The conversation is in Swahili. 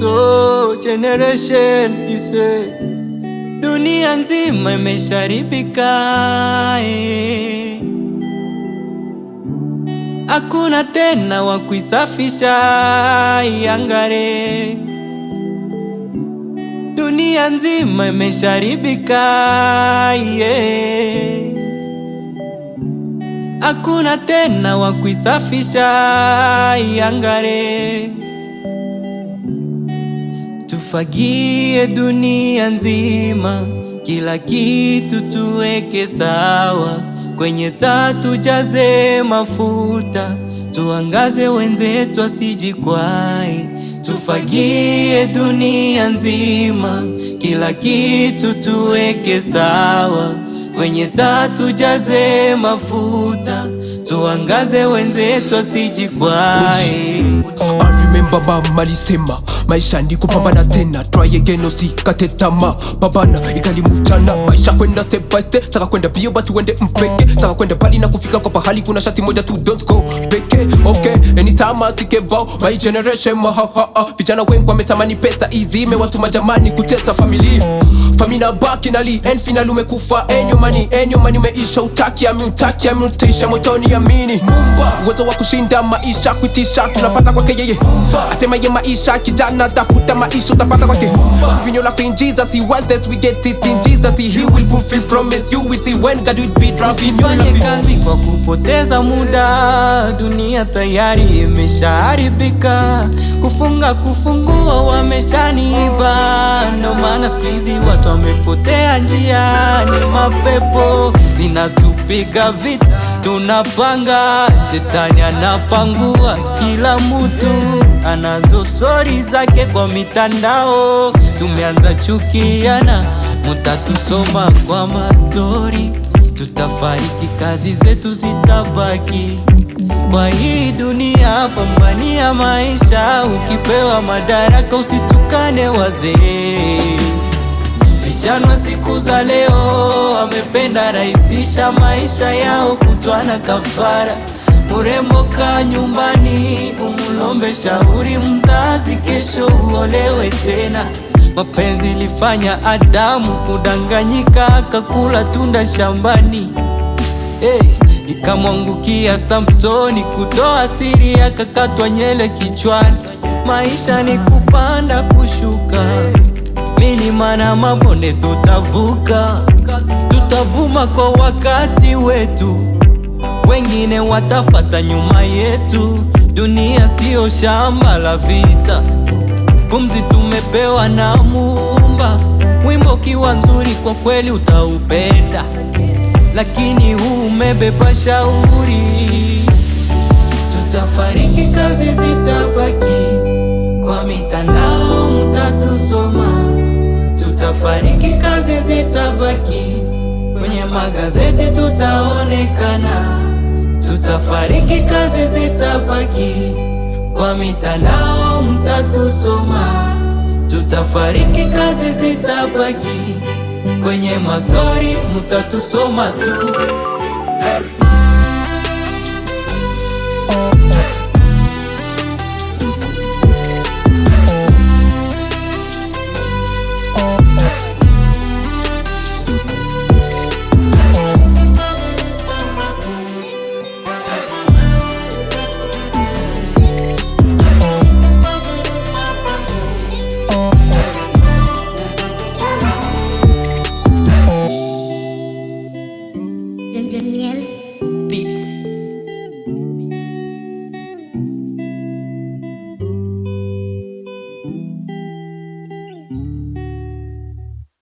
So generation ise, dunia nzima imesharibika, eh. hakuna tena wa kuisafisha. Iangare, eh, dunia nzima imesharibika, eh. hakuna tena wa kuisafisha. Iangare Tufagie dunia nzima, kila kitu tuweke sawa, kwenye taa tujaze mafuta, tuangaze wenzetu asijikwae. Tufagie dunia nzima, kila kitu tuweke sawa, kwenye taa tujaze mafuta, tuangaze wenzetu asijikwae. I remember mama alisema maisha ndi kupambana tena try again usikate tamaa pambana ikali mchana maisha kwenda step by step taka kwenda bio basi uende mpeke taka kwenda pali na kufika kwa pahali kuna shati moja tu don't go peke okay anytime see bao my generation ha ha vijana wengi wametamani pesa easy imewatuma jamani kutesa family famina baki na li end final umekufa enyo mani enyo mani umeisha utaki ami utaki ami utaisha motoni amini uwezo wa kushinda maisha kuitisha tunapata kwake yeye asema ye maisha kijana unatafuta maisha utapata kwake vinyo la in Jesus he was this we get it in Jesus he, he will fulfill promise you will see when God will be drowned usifanye kazi kwa kupoteza muda dunia tayari imeshaharibika kufunga kufungua wameshaniba ndo maana siku hizi watu wamepotea njia ni mapepo inatu tunapiga vita, tunapanga, shetani anapangua, kila mutu anazo stori zake kwa mitandao. Tumeanza chukiana, mutatusoma kwa mastori, tutafariki, kazi zetu zitabaki kwa hii dunia. Pambania maisha, ukipewa madaraka usitukane wazee. Vijana siku za leo wamependa rahisisha maisha yao, kutwana kafara. Murembo kaa nyumbani, umulombe shauri mzazi, kesho uolewe tena. Mapenzi ilifanya Adamu kudanganyika, akakula tunda shambani. Hey, eh, ikamwangukia Samsoni, kutoa siri akakatwa nyele kichwani. Maisha ni kupanda kushuka milima na mabonde tutavuka, tutavuma kwa wakati wetu, wengine watafata nyuma yetu. Dunia siyo shamba la vita, pumzi tumepewa na Muumba. Wimbo kiwa nzuri kwa kweli utaupenda, lakini huu umebeba shauri. Tutafariki, kazi zitabaki, kwa mitandao mtatusoma. Tunapofariki kazi zitabaki, kwenye magazeti tutaonekana. Tutafariki kazi zitabaki, kwa mitandao mtatusoma. Tutafariki kazi zitabaki, kwenye mastori mtatusoma tu.